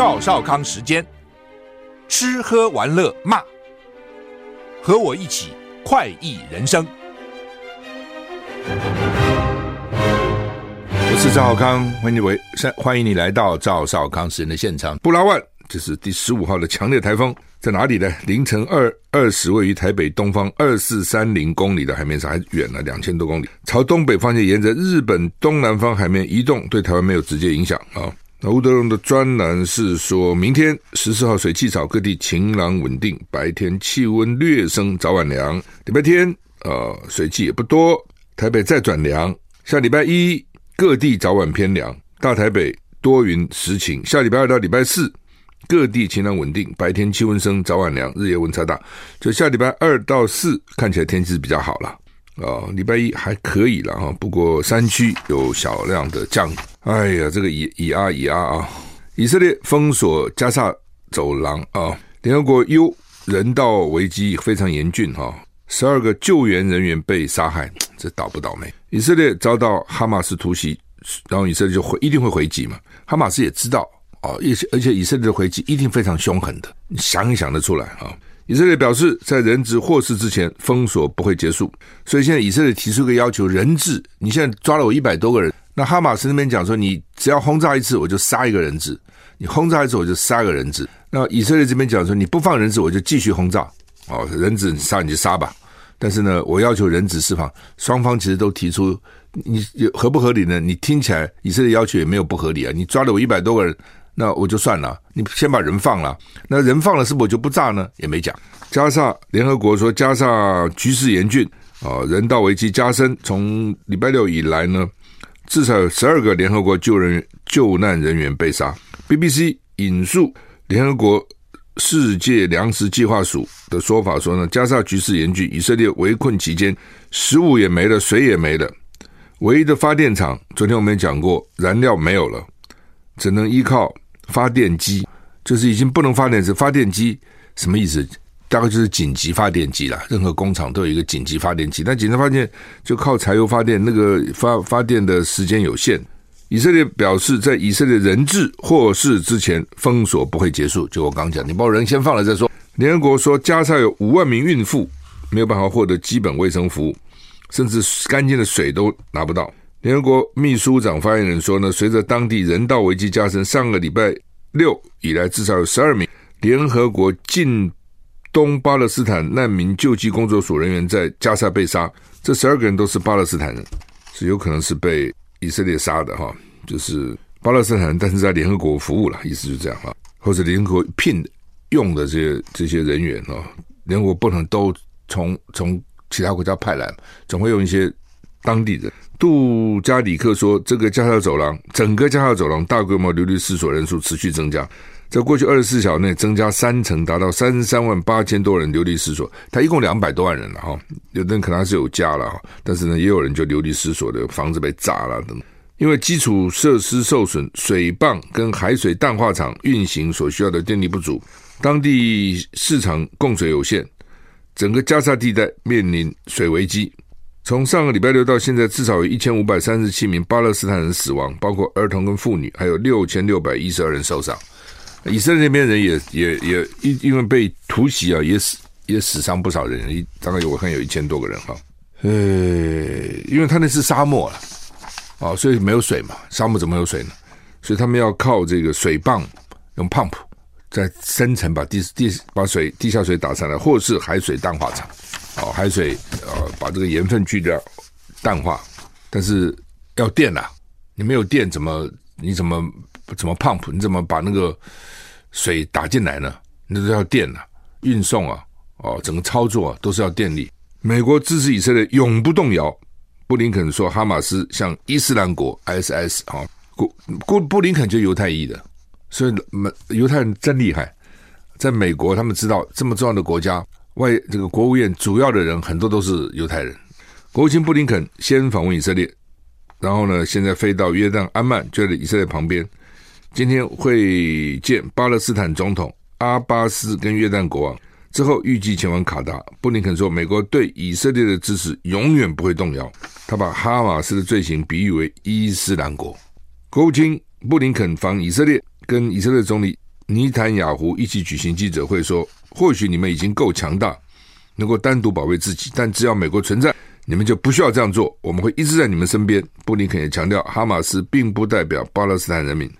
趙少康時間，吃喝玩樂罵，和我一起快意人生。我是趙少康，歡迎你來，歡迎你來到趙少康時間的現場。布拉萬，這是第十五號的強烈颱風，在哪裡呢？凌晨二二十，位於台北東方二四三零公里的海面上，還遠了兩千多公里，朝東北方向沿着日本東南方海面移動，對台灣沒有直接影響啊。哦那吳德榮的專欄是說，明天十四號水氣少，各地晴朗穩定，白天氣溫略升，早晚涼。禮拜天，呃，水氣也不多，台北再轉涼。下禮拜一，各地早晚偏涼，大台北多雲時晴。下禮拜二到禮拜四，各地晴朗穩定，白天氣溫升，早晚涼，日夜溫差大。就下禮拜二到四，看起來天氣是比較好了。啊、哦，禮拜一還可以了哈、哦，不過山區有小量的降雨。哎呀，這個以以啊以啊啊！以色列封鎖加薩走廊啊、哦，聯合國憂，人道危機非常嚴峻哈。十、哦、二個救援人員被殺害，這倒不倒霉。以色列遭到哈馬斯突襲，然後以色列就會一定會回擊嘛。哈馬斯也知道啊，而、哦、且而且以色列的回擊一定非常兇狠的，你想也想得出來啊。哦以色列表示，在人質獲釋之前，封鎖不會結束。所以現在以色列提出一個要求：人質，你現在抓了我一百多個人。那哈馬斯那邊講說，你只要轟炸一次，我就殺一個人質；你轟炸一次，我就殺一個人質。那以色列這邊講說，你不放人質，我就繼續轟炸。哦，人質你殺你就殺吧，但是呢，我要求人質釋放。雙方其實都提出，你合不合理呢？你聽起來以色列要求也沒有不合理啊，你抓了我一百多個人。那我就算了，你先把人放了。那人放了，是不是我就不炸呢？也沒講。加薩，聯合國說，加薩局勢嚴峻，啊、呃，人道危機加深。從禮拜六以來呢，至少有十二個聯合國救人救難人員被殺。BBC 引述聯合國世界糧食計劃署的說法說呢，加薩局勢嚴峻，以色列圍困期間，食物也沒了，水也沒了，唯一的發電廠，昨天我們也講過，燃料沒有了，只能依靠。發電機就是已經不能發電，是發電機什麼意思？大概就是緊急發電機了。任何工廠都有一個緊急發電機，但緊急發電就靠柴油發電，那個發發電的時間有限。以色列表示，在以色列人質獲釋之前，封鎖不會結束。就我剛講，你把人先放了再說。聯合國說，加沙有五萬名孕婦沒有辦法獲得基本衛生服務，甚至乾淨的水都拿不到。聯合國秘書長發言人說：“呢，隨着當地人道危機加深，上個禮拜六以來，至少有十二名聯合國近東巴勒斯坦難民救濟工作署人員在加沙被殺。這十二個人都是巴勒斯坦人，是有可能是被以色列殺的哈，就是巴勒斯坦人，但是在聯合國服務了，意思就是這樣哈，或者聯合國聘用的這些這些人員哦，聯合國不能都從從其他國家派來，總會用一些。”當地人杜加里克說：“這個加沙走廊，整個加沙走廊大規模流離失所人數持續增加，在過去二十四小時內增加三成，達到三十三萬八千多人流離失所。他一共兩百多萬人了哈，有的人可能還是有家了哈，但是呢，也有人就流離失所的，房子被炸了等等。因為基礎設施受損，水泵跟海水淡化廠運行所需要的電力不足，當地市場供水有限，整個加沙地帶面臨水危機。”從上個禮拜六到現在，至少有一千五百三十七名巴勒斯坦人死亡，包括兒童跟婦女，還有六千六百一十二人受傷。以色列那邊人也也也因因為被突襲啊，也死也死傷不少人。大概有我看有一千多個人哈、哦。因為他那是沙漠了，哦，所以沒有水嘛，沙漠怎麼有水呢？所以他們要靠這個水泵用 pump 在深層把地地把水地下水打上來，或者是海水淡化廠。哦，海水呃把這個鹽分去掉、淡化，但是要電吶、啊！你沒有電，怎麼你怎麼怎麼 pump？你怎麼把那個水打進來呢？那都要電吶、啊，運送啊，哦，整個操作啊，都是要電力。美國支持以色列永不動搖。布林肯說，哈馬斯像伊斯蘭國 SS 啊，布、哦、布林肯就猶太裔的，所以猶太人真厲害。在美國，他們知道這麼重要的國家。外這個國務院主要的人很多都是猶太人。國務卿布林肯先訪問以色列，然後呢，現在飛到約旦安曼，就在以色列旁邊。今天會見巴勒斯坦總統阿巴斯跟約旦國王之後，預計前往卡達。布林肯說，美國對以色列的支持永遠不會動搖。他把哈馬斯的罪行比喻為伊斯蘭國。國務卿布林肯訪以色列，跟以色列總理尼坦雅胡一起舉行記者會，說。或許你們已經夠強大，能夠單獨保衛自己，但只要美國存在，你們就不需要這樣做。我們會一直在你們身邊。布林肯也強調，哈馬斯並不代表巴勒斯坦人民。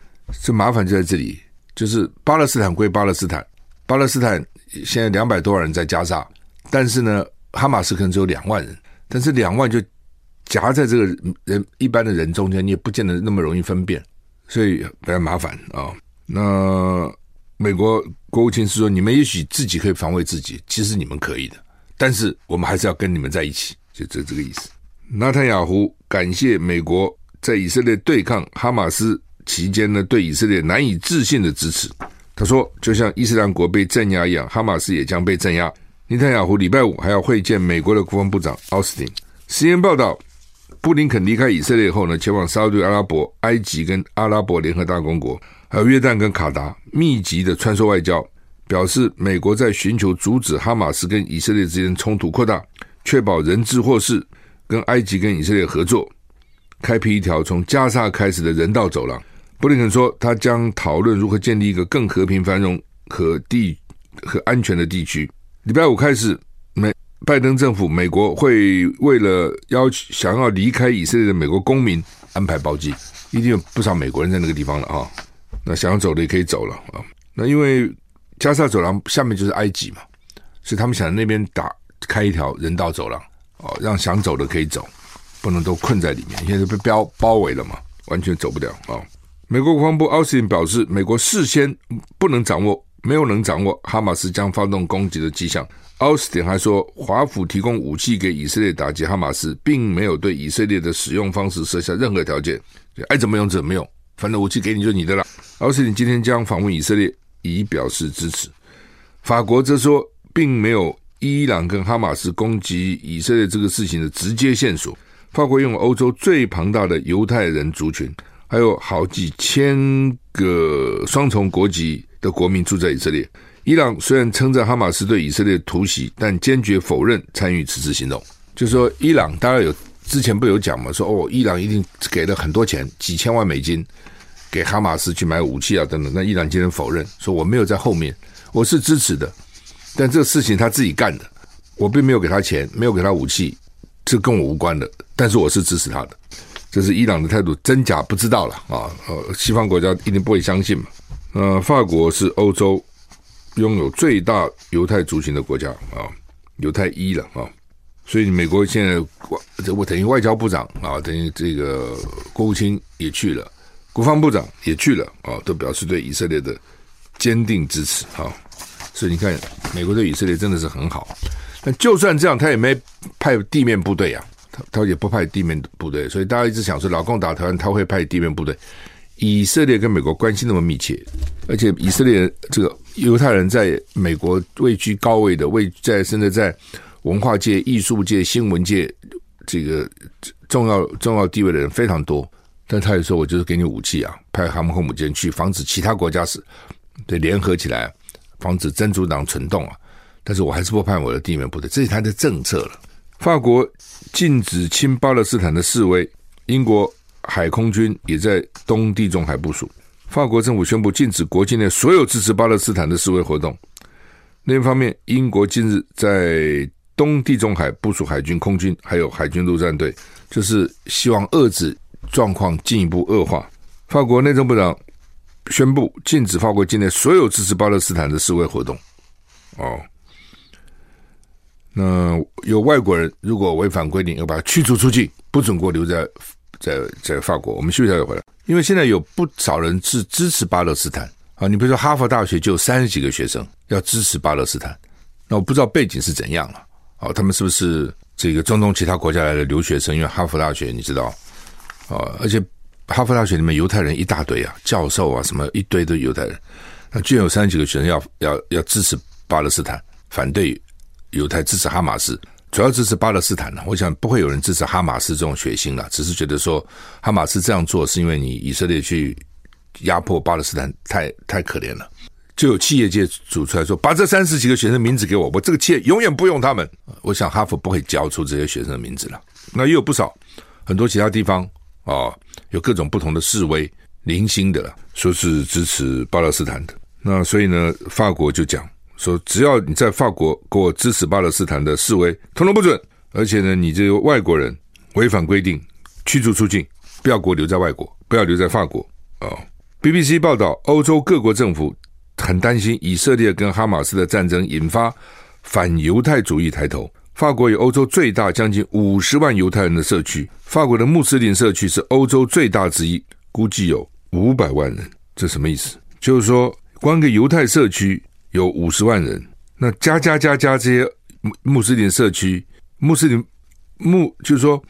這麻煩就在這裡，就是巴勒斯坦歸巴勒斯坦，巴勒斯坦現在兩百多萬人在加沙，但是呢，哈馬斯可能只有兩萬人，但是兩萬就夾在這個人一般的人中間，你也不見得那麼容易分辨，所以比較麻煩啊、哦。那。美國國務卿是說：“你們也許自己可以防衛自己，其實你們可以的，但是我們還是要跟你們在一起。”就這這個意思。尼坦雅胡感謝美國在以色列對抗哈馬斯期間呢，對以色列難以置信的支持。他說：“就像伊斯蘭國被鎮壓一樣，哈馬斯也將被鎮壓。”尼坦雅胡禮拜五還要會見美國的國防部長奧斯汀。《實驗》報道：布林肯離開以色列以後呢，前往沙烏地阿拉伯、埃及跟阿拉伯聯合大公國。還有約旦跟卡達密集的穿梭外交，表示美國在尋求阻止哈馬斯跟以色列之間衝突擴大，確保人質獲釋跟埃及跟以色列合作，開闢一條從加沙開始的人道走廊。布林肯說，他將討論如何建立一個更和平、繁榮和地和安全的地區。禮拜五開始，美拜登政府美國會為了要求想要離開以色列的美國公民安排包機，一定有不少美國人在那個地方了啊！哦那想走的也可以走了啊，哦。那因為加沙走廊下面就是埃及嘛，所以他們想在那邊打開一條人道走廊，哦，讓想走的可以走，不能都困在裡面。現在被標包圍了嘛，完全走不了啊，哦。美國國防部奧斯汀表示，美國事先不能掌握、沒有能掌握哈馬斯將發動攻擊的跡象。奧斯汀還說，華府提供武器給以色列打擊哈馬斯，並沒有對以色列的使用方式設下任何條件，愛、哎、怎麼用怎麼用，反正武器給你就是你的了。奧斯汀今天將訪問以色列，以表示支持。法國則說，並沒有伊朗跟哈馬斯攻擊以色列這個事情的直接線索。法國用歐洲最龐大的猶太人族群，還有好幾千個雙重國籍的國民住在以色列。伊朗雖然稱讚哈馬斯對以色列的突襲，但堅決否認參與此次行動。就是說，伊朗，大家有，之前不有講嘛，說哦，伊朗一定給了很多錢，幾千萬美金。給哈馬斯去買武器啊，等等。那伊朗今天否認說，我沒有在後面，我是支持的，但這個事情他自己幹的，我並沒有給他錢，沒有給他武器，這跟我無關的。但是我是支持他的，這是伊朗的態度，真假不知道了啊。呃，西方國家，一定不會相信嘛。呃，法國是歐洲擁有最大猶太族群的國家啊，猶太一了啊，所以美國現在外，我等於外交部長啊，等於這個國務卿也去了。國防部長也去了啊，都表示對以色列的堅定支持啊。所以你看，美國對以色列真的是很好。那就算這樣，他也沒派地面部隊啊，他他也不派地面部隊。所以大家一直想說，老共打台灣他會派地面部隊。以色列跟美國關係那麼密切，而且以色列人這個猶太人在美國位居高位的，位在甚至在文化界、藝術界、新聞界這個重要重要地位的人非常多。但他也說，我就是給你武器啊，派航空母艦去防止其他國家使得聯合起來、啊、防止真主黨蠢動啊。但是我還是不派我的地面部隊，這是他的政策了。法國禁止親巴勒斯坦的示威，英國海空軍也在東地中海部署。法國政府宣布禁止國境內所有支持巴勒斯坦的示威活動。另一方面，英國近日在東地中海部署海軍、空軍，還有海軍陸戰隊，就是希望遏制。狀況進一步惡化，法國內政部長宣布禁止法國境內所有支持巴勒斯坦的示威活動。哦，那有外國人如果違反規定，要把他驅逐出境，不准給我留在在在法國。我們休息一下就回來。因為現在有不少人是支持巴勒斯坦啊。你比如說哈佛大學就有三十幾個學生要支持巴勒斯坦，那我不知道背景是怎樣了、啊。啊，他們是不是這個中東其他國家來的留學生？因為哈佛大學，你知道。啊，而且哈佛大學裡面猶太人一大堆啊，教授啊什麼一堆的猶太人。那居然有三十幾個學生要要要支持巴勒斯坦，反對猶太，支持哈馬斯，主要支持巴勒斯坦呢、啊，我想不會有人支持哈馬斯這種血腥了、啊，只是覺得說哈馬斯這樣做是因為你以色列去壓迫巴勒斯坦太，太太可憐了。就有企業界組出來說，把這三十幾個學生名字給我，我這個企業永遠不用他們。我想哈佛不會交出這些學生的名字了。那也有不少，很多其他地方。啊、哦，有各種不同的示威，零星的，說是支持巴勒斯坦的。那所以呢，法國就講說，只要你在法國給我支持巴勒斯坦的示威，統統不准。而且呢，你這個外國人違反規定，驅逐出境，不要給我留在外國，不要留在法國。啊、哦，BBC 報道，歐洲各國政府很擔心以色列跟哈馬斯的戰爭引發反猶太主義抬頭。法國有歐洲最大將近五十萬猶太人的社區，法國的穆斯林社區是歐洲最大之一，估計有五百萬人。這什麼意思？就是說，光個猶太社區有五十萬人，那加加加加，加這些穆穆斯林社區，穆斯林穆就是說，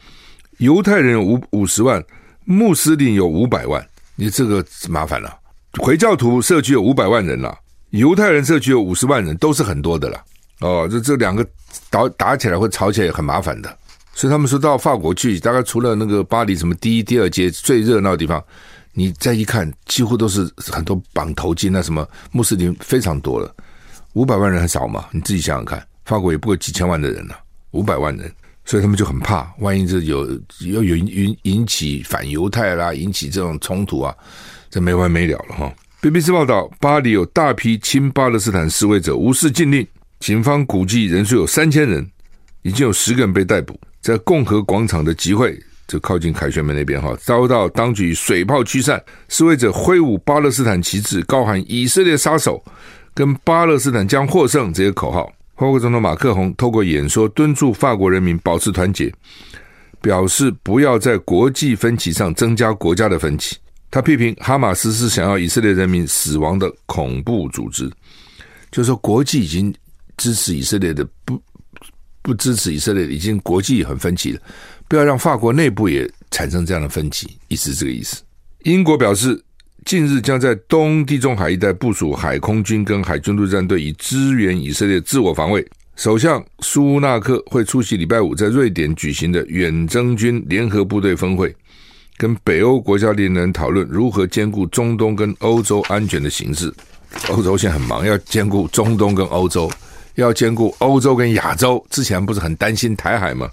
猶太人有五五十萬，穆斯林有五百萬，你這個麻煩了。回教徒社區有五百萬人了，猶太人社區有五十萬人，都是很多的了。哦，這這兩個打打起來或吵起來也很麻煩的，所以他們說到法國去，大概除了那個巴黎什麼第一、第二街最熱鬧的地方，你再一看，幾乎都是很多綁頭巾啊，什麼穆斯林非常多了。五百萬人很少嘛，你自己想想看，法國也不過幾千萬的人呢，啊，五百萬人，所以他們就很怕，萬一這有要有引引起反猶太啦，引起這種衝突啊，這沒完沒了了哈。BBC 報道，巴黎有大批親巴勒斯坦示威者無視禁令。警方估計人數有三千人，已經有十個人被逮捕。在共和廣場的集會就靠近凱旋門那邊哈，遭到當局水炮驅散。示威者揮舞巴勒斯坦旗幟，高喊“以色列殺手”跟“巴勒斯坦將獲勝”這些口號。法國總統馬克宏透過演說敦促法國人民保持團結，表示不要在國際分歧上增加國家的分歧。他批評哈瑪斯是想要以色列人民死亡的恐怖組織，就說國際已經。支持以色列的不不支持以色列的，已經國際很分歧了。不要讓法國內部也產生這樣的分歧，一直這個意思。英國表示，近日將在東地中海一帶部署海空軍跟海軍陸戰隊，以支援以色列自我防衛。首相蘇納克會出席禮拜五在瑞典舉行的遠征軍聯合部隊峰會，跟北歐國家領導人討論如何兼顧中東跟歐洲安全的形勢。歐洲現在很忙，要兼顧中東跟歐洲。要兼顧歐洲跟亞洲，之前不是很擔心台海嗎？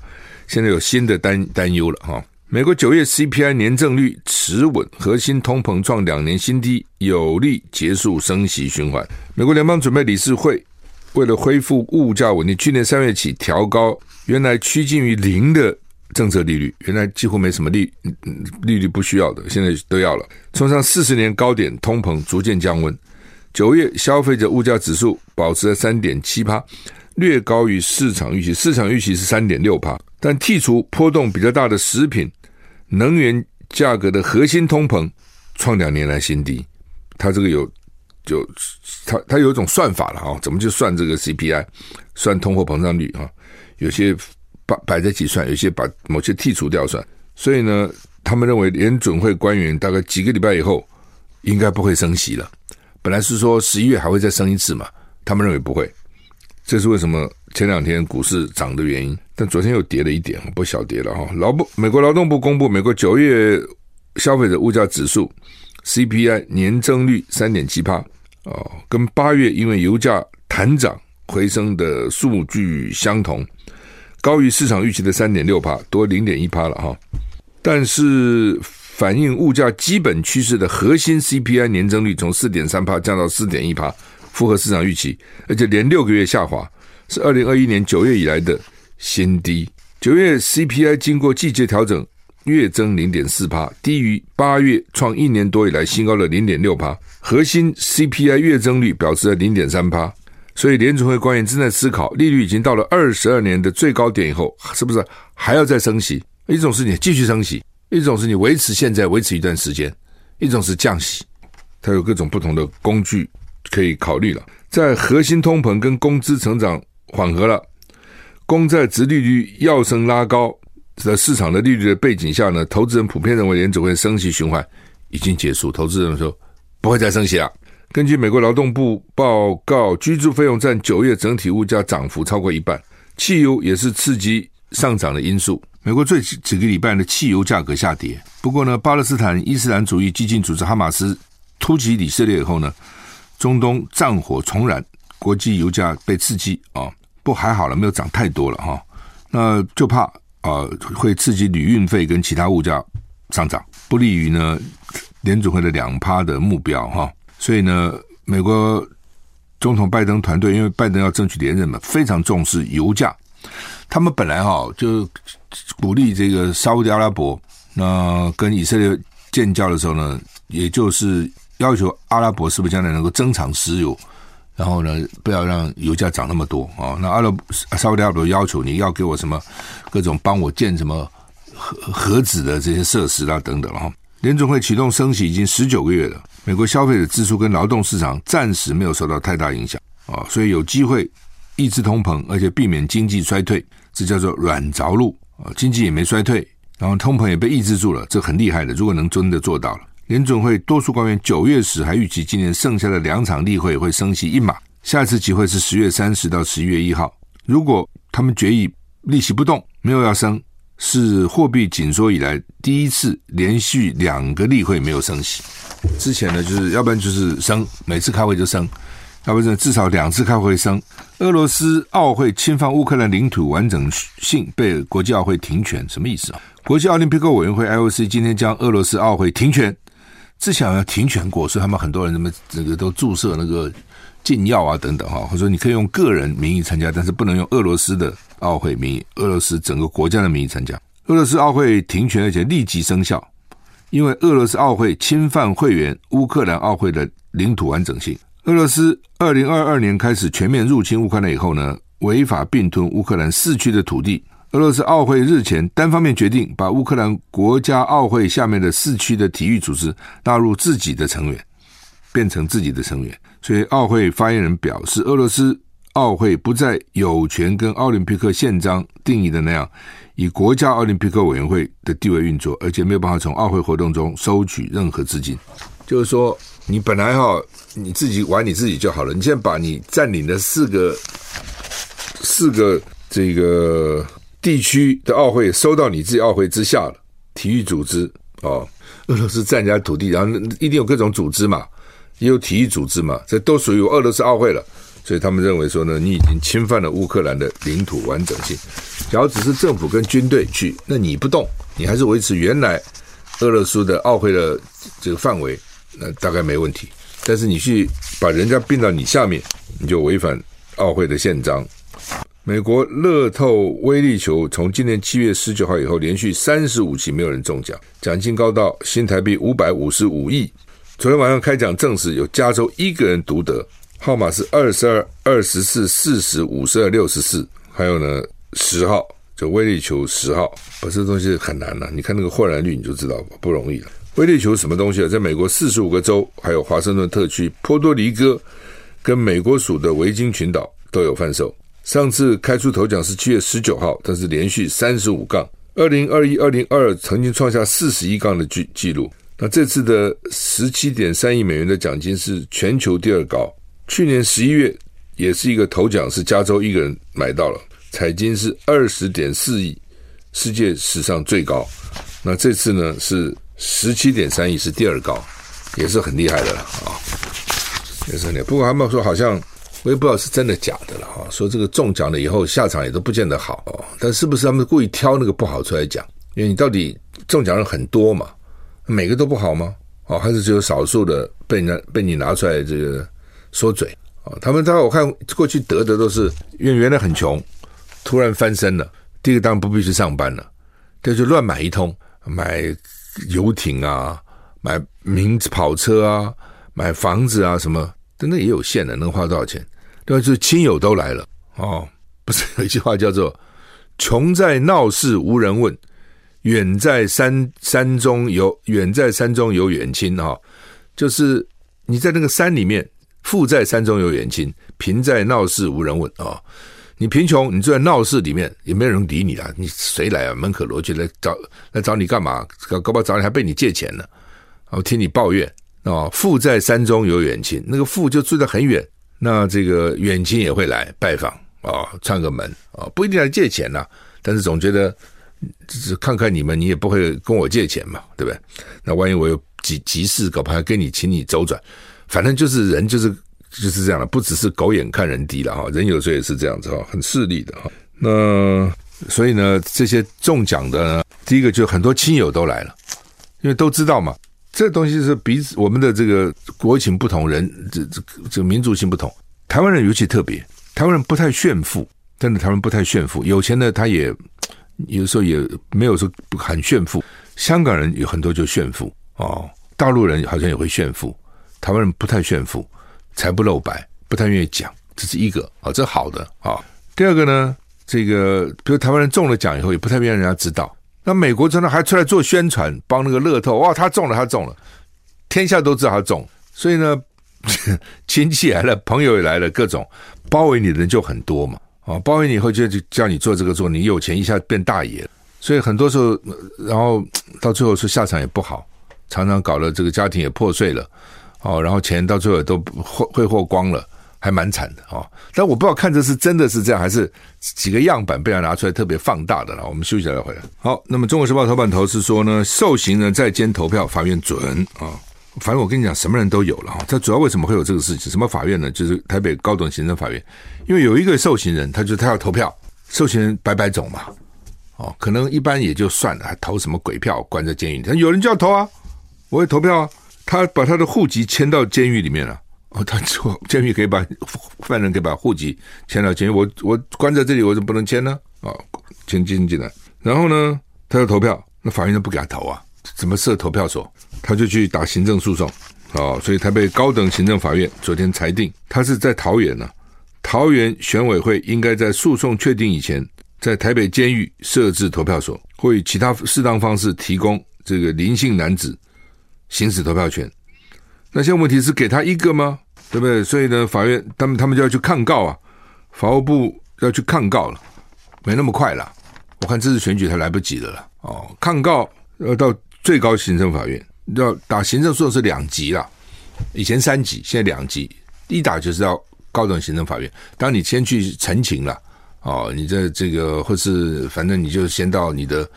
現在有新的擔擔憂了哈。美國九月 CPI 年增率持穩，核心通膨創兩年新低，有利結束升息循環。美國聯邦準備理事會為了恢復物價穩定，去年三月起調高原來趨近於零的政策利率，原來幾乎沒什麼利利率不需要的，現在都要了，衝上四十年高點，通膨逐漸降溫。九月消費者物價指數保持在三點七趴，略高於市場預期。市場預期是三點六趴，但剔除波動比較大的食品、能源價格的核心通膨，創兩年來新低。它這個有，就它它有，他他有一種算法了啊、哦？怎麼就算這個 CPI，算通貨膨脹率哈、啊，有些把擺在一起算，有些把某些剔除掉算。所以呢，他們認為聯準會官員大概幾個禮拜以後應該不會升息了。本來是說十一月還會再升一次嘛，他們認為不會，這是為什麼前兩天股市漲的原因。但昨天又跌了一點，不小跌了哈。勞部美國勞動部公布，美國九月消費者物價指數 CPI 年增率三點七趴，哦，跟八月因為油價彈漲回升的數據相同，高於市場預期的三點六趴，多零點一趴了哈。但是。反映物價基本趨勢的核心 CPI 年增率從四點三趴降到四點一趴，符合市場預期，而且連六個月下滑，是二零二一年九月以來的新低。九月 CPI 經過季節調整，月增零點四趴，低於八月創一年多以來新高的零點六趴。核心 CPI 月增率保持在零點三趴，所以聯儲會官員正在思考，利率已經到了二十二年的最高點以後，是不是還要再升息？一種是你繼續升息。一種是你維持現在維持一段時間，一種是降息，它有各種不同的工具可以考慮了。在核心通膨跟工資成長緩和了，公債殖利率要升拉高，在市場的利率的背景下呢，投資人普遍認為，聯準會升息循環已經結束。投資人說不會再升息了。根據美國勞動部報告，居住費用占九月整體物價漲幅超過一半，汽油也是刺激上漲的因素。美國最近幾個禮拜的汽油價格下跌，不過呢，巴勒斯坦伊斯蘭主義激進組織哈馬斯突襲以色列以後呢，中東戰火重燃，國際油價被刺激啊、哦，不還好了，沒有漲太多了哈、哦，那就怕啊、呃、會刺激旅運費跟其他物價上漲，不利於呢聯儲會的兩趴的目標哈、哦，所以呢，美國總統拜登團隊因為拜登要爭取連任嘛，非常重視油價。他們本來哈就鼓勵這個沙烏地阿拉伯，那跟以色列建交的時候呢，也就是要求阿拉伯是不是將來能夠增長石油，然後呢不要讓油價漲那麼多啊？那阿拉伯沙烏地阿拉伯要求你要給我什麼各種幫我建什麼核核子的這些設施啊等等，然後聯準會啟動升息已經十九個月了，美國消費者支出跟勞動市場暫時沒有受到太大影響啊，所以有機會。抑制通膨，而且避免經濟衰退，這叫做軟着陸啊！經濟也沒衰退，然後通膨也被抑制住了，這很厲害的。如果能真的做到了，聯準會多數官員九月時還預期今年剩下的兩場例會會升息一碼，下一次集會是十月三十到十一月一號。如果他們決議利息不動，沒有要升，是貨幣緊縮以來第一次連續兩個例會沒有升息。之前呢，就是要不然就是升，每次開會就升。那不是至少兩次開會，聲俄羅斯奧會侵犯烏克蘭領土完整性，被國際奧會停權，什麼意思啊？國際奧林匹克委員會 IOC 今天將俄羅斯奧會停權，至少要停權過。過所以他們很多人怎麼這個都注射那個禁藥啊等等哈。他說你可以用個人名義參加，但是不能用俄羅斯的奧會名義，俄羅斯整個國家的名義參加。俄羅斯奧會停權而且立即生效，因為俄羅斯奧會侵犯會員烏克蘭奧會的領土完整性。俄羅斯二零二二年開始全面入侵烏克蘭以後呢，違法併吞烏克蘭四區的土地。俄羅斯奧會日前單方面決定，把烏克蘭國家奧會下面的四區的體育組織納入自己的成員，變成自己的成員。所以奧會發言人表示，俄羅斯奧會不再有權跟奧林匹克憲章定義的那樣，以國家奧林匹克委員會的地位運作，而且沒有辦法從奧會活動中收取任何資金。就是說。你本來哈你自己玩你自己就好了。你現在把你佔領的四個四個這個地區的奧會收到你自己奧會之下了。體育組織哦，俄羅斯占人家土地，然後一定有各種組織嘛，也有體育組織嘛，這都屬於俄羅斯奧會了。所以他們認為說呢，你已經侵犯了烏克蘭的領土完整性。然後只是政府跟軍隊去，那你不動，你還是維持原來俄羅斯的奧會的這個範圍。那大概沒問題，但是你去把人家併到你下面，你就違反奧會的憲章。美國樂透威力球從今年七月十九號以後，連續三十五期沒有人中獎，獎金高到新台幣五百五十五億。昨天晚上開獎證實，有加州一個人獨得，號碼是二十二、二十四、四十、五十二、六十四，還有呢十號，就威力球十號。把這東西很難了、啊，你看那個或然率你就知道吧，不容易了、啊。威力球什麼東西啊？在美國四十五個州，還有華盛頓特區、波多黎各，跟美國屬的維京群島都有販售。上次開出頭獎是七月十九號，但是連續三十五槓，二零二一、二零二二曾經創下四十一槓的記記錄。那這次的十七點三億美元的獎金是全球第二高。去年十一月也是一個頭獎是加州一個人買到了，彩金是二十點四億，世界史上最高。那這次呢是。十七點三億是第二高，也是很厲害的了啊，也是很厲害。不過他們說好像我也不知道是真的假的了哈、啊。說這個中獎了以後下場也都不見得好、啊，但是不是他們故意挑那個不好出來講？因為你到底中獎人很多嘛，每個都不好嗎？哦，還是只有少數的被你拿被你拿出來這個說嘴啊？他們大概我看過去得的都是因為原來很窮，突然翻身了，第一個當然不必去上班了，第二就亂買一通買。遊艇啊，買名跑車啊，買房子啊，什麼，真的也有限的，能、那個、花多少錢？對吧，就是親友都來了哦，不是有一句話叫做“窮在鬧市無人問，遠在山山中有遠在山中有遠親”哈、哦，就是你在那個山裡面，富在山中有遠親，貧在鬧市無人問啊。哦你貧窮，你住在鬧市裡面，也沒有人理你啊！你誰來啊？門可羅雀，來找來找你幹嘛？搞搞不好找你還被你借錢呢，然後聽你抱怨啊！富在山中有遠親，那個富就住在很遠，那這個遠親也會來拜訪啊、哦，串個門啊、哦，不一定來借錢吶、啊，但是總覺得，就是看看你們，你也不會跟我借錢嘛，對不對？那萬一我有急急事，搞不好還跟你請你周轉，反正就是人就是。就是這樣的，不只是狗眼看人低了哈，人有時候也是這樣子哈，很勢利的哈。那所以呢，這些中獎的，第一個就是很多親友都來了，因為都知道嘛，這東西是彼此我們的這個國情不同，人這這個、這民族性不同。台灣人尤其特別，台灣人不太炫富，但是台灣不太炫富，有錢的他也有時候也沒有說很炫富。香港人有很多就炫富啊，大陸人好像也會炫富，台灣人不太炫富。才不露白，不太願意講，這是一個啊、哦，這好的啊、哦。第二個呢，這個比如台灣人中了獎以後，也不太願意讓人家知道。那美國真的還出來做宣傳，幫那個樂透，哇，他中了，他中了，天下都知道他中。所以呢，呵呵親戚來了，朋友也來了，各種包圍你的人就很多嘛啊、哦，包圍你以後就就叫你做這個做你有錢一下變大爺了。所以很多時候，然後到最後說下場也不好，常常搞得這個家庭也破碎了。哦，然後錢到最後都會會霍光了，還蠻慘的哦。但我不知道看着是真的是這樣，還是幾個樣板被他拿出來特別放大的了。我們休息一下，回來。好，那麼《中國時報》頭版頭是說呢，受刑人在監投票，法院准啊、哦。反正我跟你講，什麼人都有了哈。他主要為什麼會有這個事情？什麼法院呢？就是台北高等行政法院，因為有一個受刑人，他就是他要投票，受刑人百百種嘛，哦，可能一般也就算了，還投什麼鬼票？關在監獄裡，他有人就要投啊，我也投票啊。他把他的戶籍遷到監獄裡面了。哦，他說監獄可以把犯人可以把戶籍遷到監獄。我我關在這裡，我怎麼不能遷呢？啊，遷進進來。然後呢，他要投票，那法院都不給他投啊？怎麼設投票所？他就去打行政訴訟。哦，所以台北高等行政法院昨天裁定，他是在桃園呢、啊。桃園選委會應該在訴訟確定以前，在台北監獄設置投票所，會以其他適當方式提供這個林姓男子，行使投票權，那現在問題是給他一個嗎？對不對？所以呢，法院他們他們就要去抗告啊，法務部要去抗告了，沒那麼快啦。我看這次選舉他來不及的了啦哦，抗告要到最高行政法院，要打行政訴訟是兩級啦，以前三級，現在兩級，一打就是要高等行政法院。當你先去陳情啦哦，你在這個或是反正你就先到你的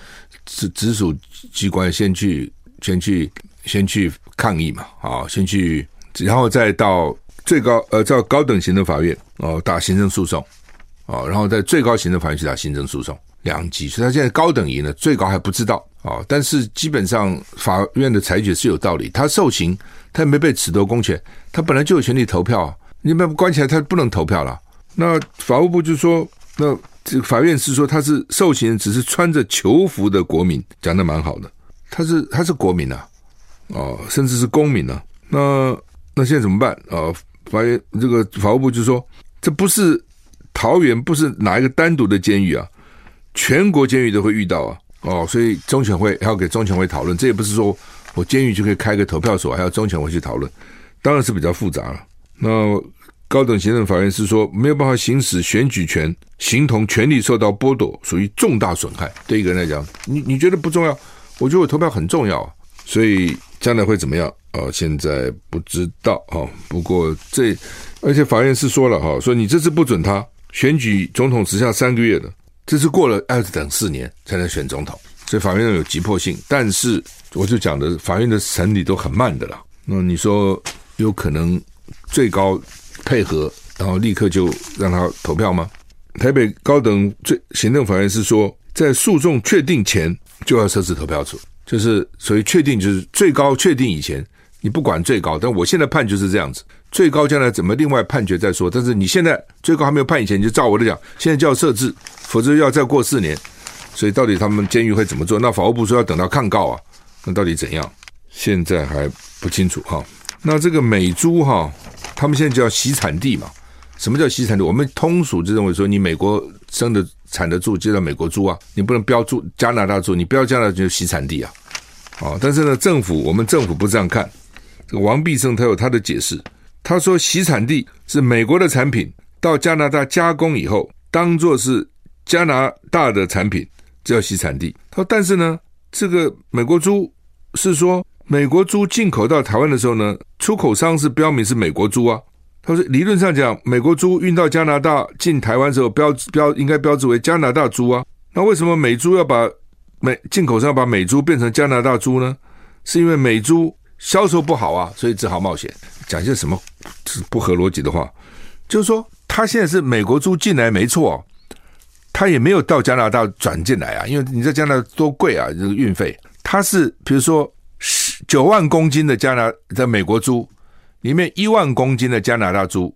直直屬機關先去先去。先去抗議嘛，啊、哦，先去，然後再到最高呃，到高等行政法院哦，打行政訴訟，啊、哦，然後在最高行政法院去打行政訴訟，兩級。所以他現在高等贏了，最高還不知道啊、哦。但是基本上法院的裁決是有道理，他受刑，他也沒被褫奪公權，他本來就有權利投票，你們關起來他不能投票了。那法務部就說，那這個法院是說他是受刑人只是穿着囚服的國民，講的蠻好的，他是他是國民啊。啊、哦，甚至是公民呢、啊？那那現在怎麼辦啊、哦？法院這個法務部就說，這不是桃園，不是哪一個單獨的監獄啊，全國監獄都會遇到啊。哦，所以中選會還要給中選會討論。這也不是說我，我監獄就可以開個投票所，還要中選會去討論，當然是比較複雜了、啊。那高等行政法院是說沒有辦法行使選舉權，形同權利受到剝奪，屬於重大損害。對一個人來講，你你覺得不重要？我覺得我投票很重要、啊，所以。將來會怎麼樣？哦，現在不知道哦。不過這，而且法院是說了哈，說你這次不准他選舉總統，只下三個月的，這次過了，要等四年才能選總統。所以法院有急迫性，但是我就講的，法院的審理都很慢的啦。那你說有可能最高配合，然後立刻就讓他投票嗎？台北高等最行政法院是說，在訴訟確定前就要設置投票處。就是，所以確定就是最高確定以前，你不管最高，但我現在判決是這樣子，最高將來怎麼另外判決再說。但是你現在最高還沒有判以前，你就照我的講，現在就要設置，否則要再過四年。所以到底他們監獄會怎麼做？那法務部說要等到抗告啊，那到底怎樣？現在還不清楚哈、啊。那這個美豬哈，他們現在叫洗產地嘛？什麼叫洗產地？我們通俗就認為說，你美國。生的產的豬就叫美國豬啊，你不能標注加拿大豬，你標加拿大就洗產地啊，好、哦、但是呢，政府我們政府不這樣看，這個王必勝他有他的解釋，他說洗產地是美國的產品到加拿大加工以後，當做是加拿大的產品叫洗產地。他說，但是呢，這個美國豬是說美國豬進口到台灣的時候呢，出口商是標明是美國豬啊。他是理論上講，美國豬運到加拿大進台灣時候標，標應標應該標誌為加拿大豬啊。那為什麼美豬要，要把美進口商把美豬變成加拿大豬呢？是因為美豬銷售不好啊，所以只好冒險講些什麼、就是、不合邏輯的話。就是說，他現在是美國豬進來沒錯，他也沒有到加拿大轉進來啊。因為你在加拿大多貴啊，這個運費。他是比如說十九萬公斤的加拿大的美國豬。”裡面一萬公斤的加拿大豬，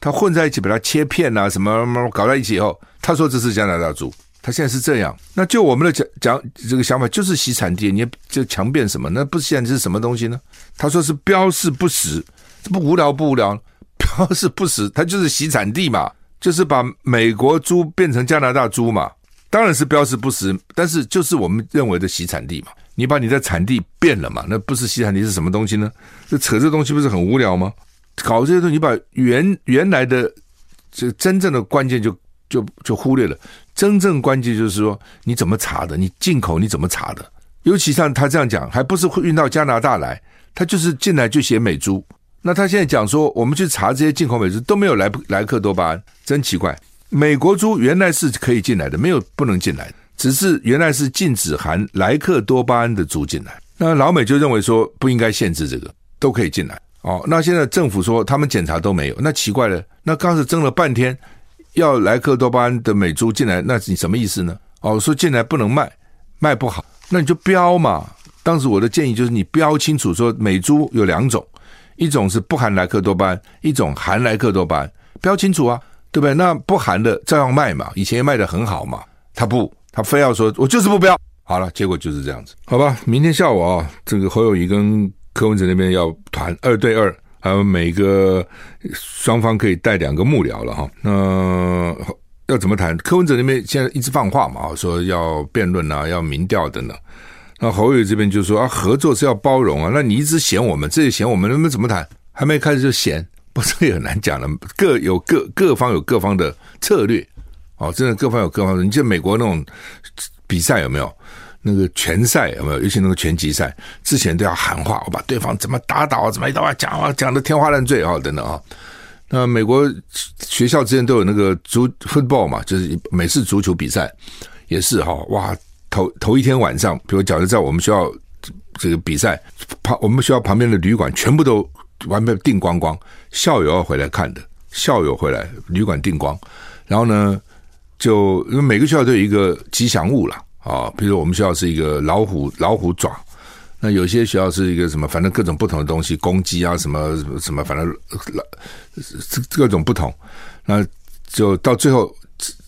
它混在一起，把它切片啊，什麼什麼搞在一起以後，他說這是加拿大豬。他現在是這樣，那就我們的講講這個想法就是洗產地，你就強辯什麼？那不現在是什麼東西呢？他說是標示不實，這不無聊不無聊？標示不實，他就是洗產地嘛，就是把美國豬變成加拿大豬嘛，當然是標示不實，但是就是我們認為的洗產地嘛。你把你的產地變了嘛？那不是洗產地，是什麼東西呢？這扯這東西不是很無聊嗎？搞這些東西，你把原原來的這真正的關鍵就就就忽略了。真正關鍵就是說，你怎麼查的？你進口你怎麼查的？尤其像他這樣講，還不是會運到加拿大來，他就是進來就寫美豬。那他現在講說，我們去查這些進口美豬都沒有萊萊克多巴胺，真奇怪。美國豬原來是可以進來的，沒有不能進來的。只是原來是禁止含萊克多巴胺的豬進來，那老美就認為說不應該限制這個，都可以進來哦。那現在政府說他們檢查都沒有，那奇怪了。那剛是爭了半天，要萊克多巴胺的美豬進來，那你什麼意思呢？哦，說進來不能賣，賣不好，那你就標嘛。當時我的建議就是你標清楚，說美豬有兩種，一種是不含萊克多巴胺，一種含萊克多巴胺，標清楚啊，對不對？那不含的照樣賣嘛，以前也賣得很好嘛，他不。他非要說，我就是不標。好了，結果就是這樣子，好吧？明天下午啊，這個侯友宜跟柯文哲那邊要談二對二，還有每個雙方可以帶兩個幕僚了哈。那要怎麼談？柯文哲那邊現在一直放話嘛，說要辯論啊，要民調等等。那侯友宜這邊就說啊，合作是要包容啊，那你一直嫌我們，這裡嫌我們，那麼怎麼談？還沒開始就嫌，不是也很難講了？各有各各方有各方的策略。哦，真的，各方有各方面，你像美國那種比賽有沒有？那個拳賽有沒有？尤其那個拳擊賽，之前都要喊話，我把對方怎麼打倒，怎麼怎麼講，講得天花亂墜哦，等等啊、哦。那美國學校之間都有那個足 football 嘛，就是美式足球比賽也是哈、哦、哇。頭頭一天晚上，比如假設在我們學校這個比賽，旁我們學校旁邊的旅館全部都完全訂光光，校友要回來看的，校友回來旅館訂光，然後呢？就因為每個學校都有一個吉祥物了啊，比如說我們學校是一個老虎，老虎爪。那有些學校是一個什麼，反正各種不同的東西，公雞啊，什麼什麼，反正各各種不同。那就到最後，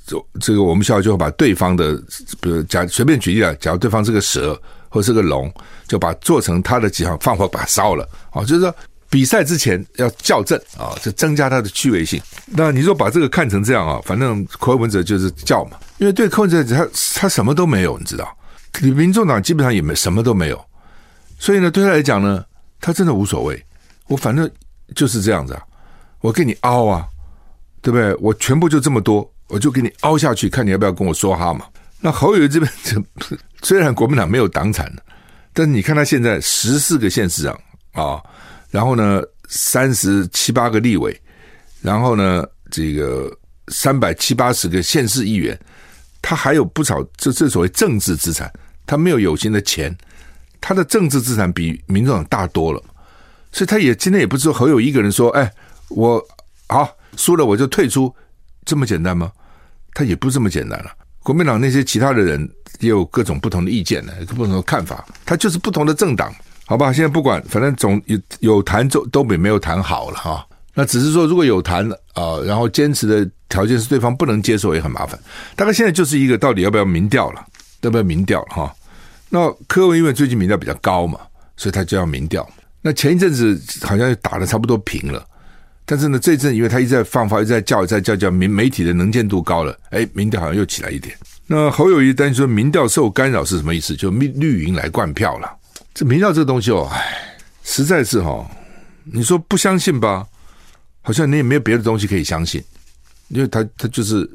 這這個我們學校就會把對方的，比如假隨便舉例啊，假如對方是個蛇或是個龍，就把做成它的吉祥，放火把它燒了啊，就是說。比賽之前要校正啊，就增加他的趣味性。那你說把這個看成這樣啊？反正柯文哲就是叫嘛，因為對柯文哲他他什麼都沒有，你知道？民民眾黨基本上也沒什麼都沒有，所以呢，對他來講呢，他真的無所謂。我反正就是這樣子啊，我給你凹啊，對不對？我全部就這麼多，我就給你凹下去，看你要不要跟我說哈嘛。那侯友宜這邊，就雖然國民黨沒有黨產，但是你看他現在十四個縣市長啊。然後呢，三十七八個立委，然後呢，這個三百七八十個縣市議員，他還有不少這這所謂政治資產，他沒有有形的錢，他的政治資產比民眾黨大多了，所以他也今天也不是說，還有一個人說：“哎，我好、啊、輸了，我就退出，這麼簡單嗎？”他也不是這麼簡單了、啊。國民黨那些其他的人也有各種不同的意見呢，不同的看法，他就是不同的政黨。好吧，現在不管，反正總有有談都都比沒有談好了哈。那只是說，如果有談啊、呃，然後堅持的條件是對方不能接受，也很麻煩。大概現在就是一個到底要不要民調了，要不要民調了哈？那柯文因為最近民調比較高嘛，所以他就要民調。那前一陣子好像又打得差不多平了，但是呢，這陣因為他一直在放話、一直在叫、一直在叫叫，媒媒體的能見度高了，哎，民調好像又起來一點。那侯友宜擔心說，民調受干擾是什麼意思？就綠綠營來灌票了。這民調這東西哦，哎，實在是哈、哦，你說不相信吧，好像你也沒有別的東西可以相信，因為他他就是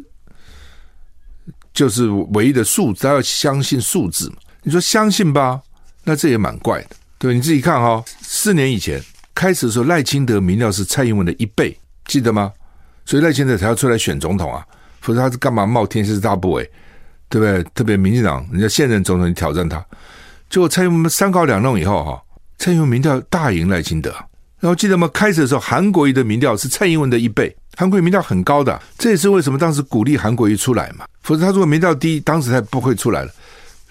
就是唯一的數字，他要相信數字嘛。你說相信吧，那這也蠻怪的，對，對？你自己看哈、哦，四年以前開始的時候，賴清德民調是蔡英文的一倍，記得嗎？所以賴清德才要出來選總統啊，否則他是幹嘛冒天下之大不韙，對不對？特別民進黨人家現任總統，你挑戰他。結果蔡英文三高兩弄以後哈，蔡英文民調大贏賴清德。然後記得嗎？開始的時候，韓國瑜的民調是蔡英文的一倍，韓國瑜民調很高的，這也是為什麼當時鼓勵韓國瑜出來嘛，否則他如果民調低，當時他也不會出來了。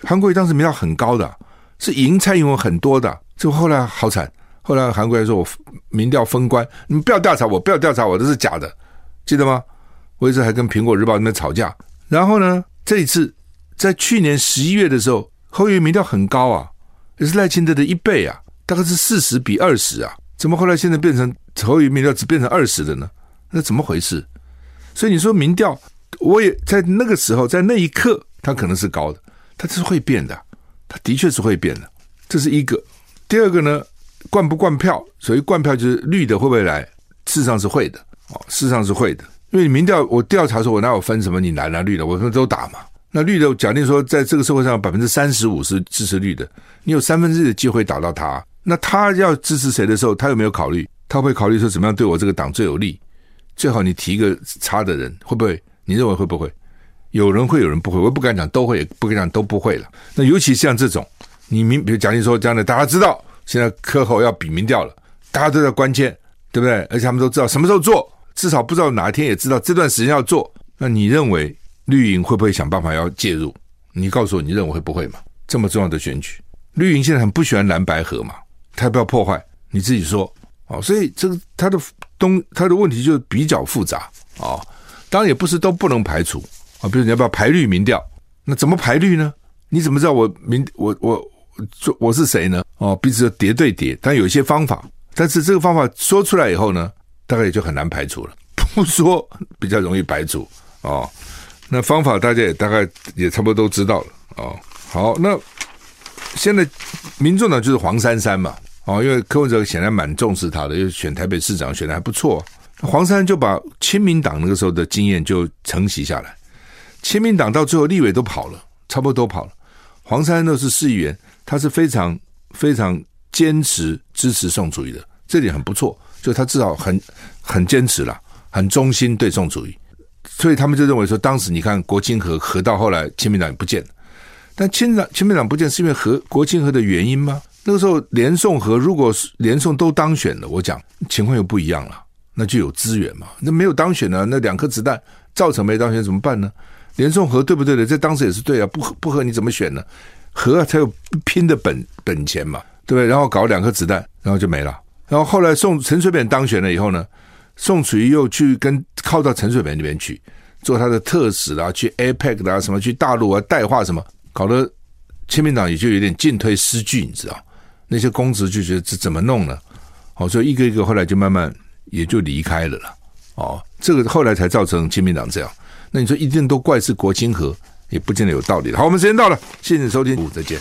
韓國瑜當時民調很高的，是贏蔡英文很多的，結果後來好慘，後來韓國瑜說：“我民調封關，你們不要調查我，不要調查我，這是假的。”記得嗎？我一直還跟蘋果日報那邊吵架。然後呢，這一次在去年十一月的時候。侯友民調很高啊，也是賴清德的一倍啊，大概是四十比二十啊，怎麼後來現在變成侯友民調只變成二十的呢？那怎麼回事？所以你說民調，我也在那個時候，在那一刻，它可能是高的，它這是會變的，它的確是會變的，這是一個。第二個呢，灌不灌票，所謂灌票就是綠的會不會來？事實上是會的，哦，事實上是會的，因為你民調我調查說，我哪有分什麼你藍藍綠的，我說都打嘛。那綠的，假定說，在這個社會上35，百分之三十五是支持綠的，你有三分之一的機會打到他。那他要支持誰的時候，他有沒有考慮？他會考慮說，怎麼樣對我這個黨最有利？最好你提一個差的人，會不會？你認為會不會？有人會，有人不會。我不敢講都會，不敢講都不會了。那尤其像這種，你明比如假定說這樣的，大家知道現在課後要比民調了，大家都在關鍵對不對？而且他們都知道什麼時候做，至少不知道哪一天也知道這段時間要做。那你認為？綠營會不會想辦法要介入？你告訴我，你認為會不會嘛？這麼重要的選舉，綠營現在很不喜歡藍白合嘛？他也不要破壞，你自己說哦。所以這個他的東，他的問題就比較複雜啊、哦。當然也不是都不能排除啊。比如你要不要排綠民調？那怎麼排綠呢？你怎麼知道我民我，我我我是誰呢？哦，彼此疊對疊，但有一些方法。但是這個方法說出來以後呢，大概也就很難排除了。不說比較容易排除哦。那方法大家也大概也差不多都知道了哦，好，那現在民眾黨就是黃珊珊嘛，哦，因為柯文哲顯然蠻重視他的，又選台北市長選的還不錯，啊。黃珊珊就把親民黨那個時候的經驗就承襲下來。親民黨到最後立委都跑了，差不多都跑了。黃珊珊是市議員，他是非常非常堅持支持宋楚瑜的，這點很不錯。就他至少很很堅持啦，很忠心對宋楚瑜。所以他們就認為說，當時你看國親合，合到後來親民黨也不見，但親黨，親民黨不見是因為合，國親合的原因嗎？那個時候連宋合如果連宋都當選了，我講情況又不一樣了，那就有資源嘛。那沒有當選呢，那兩顆子彈造成沒當選怎麼辦呢？連宋合對不對的？這當時也是對啊，不合，不合你怎麼選呢？合才有拼的本本錢嘛，對不對？然後搞兩顆子彈，然後就沒了。然後後來宋陳水扁當選了以後呢？宋楚瑜又去跟靠到陳水扁那邊去，做他的特使啊，去 APEC 啊，什麼去大陸啊，帶話什麼，搞得，親民黨也就有點進退失據，你知道？那些公職就覺得這怎麼弄呢？哦，所以一個一個後來就慢慢也就離開了了。哦，這個後來才造成親民黨這樣。那你說一定都怪是國親合，也不見得有道理。好，我們時間到了，謝謝你收聽，再見。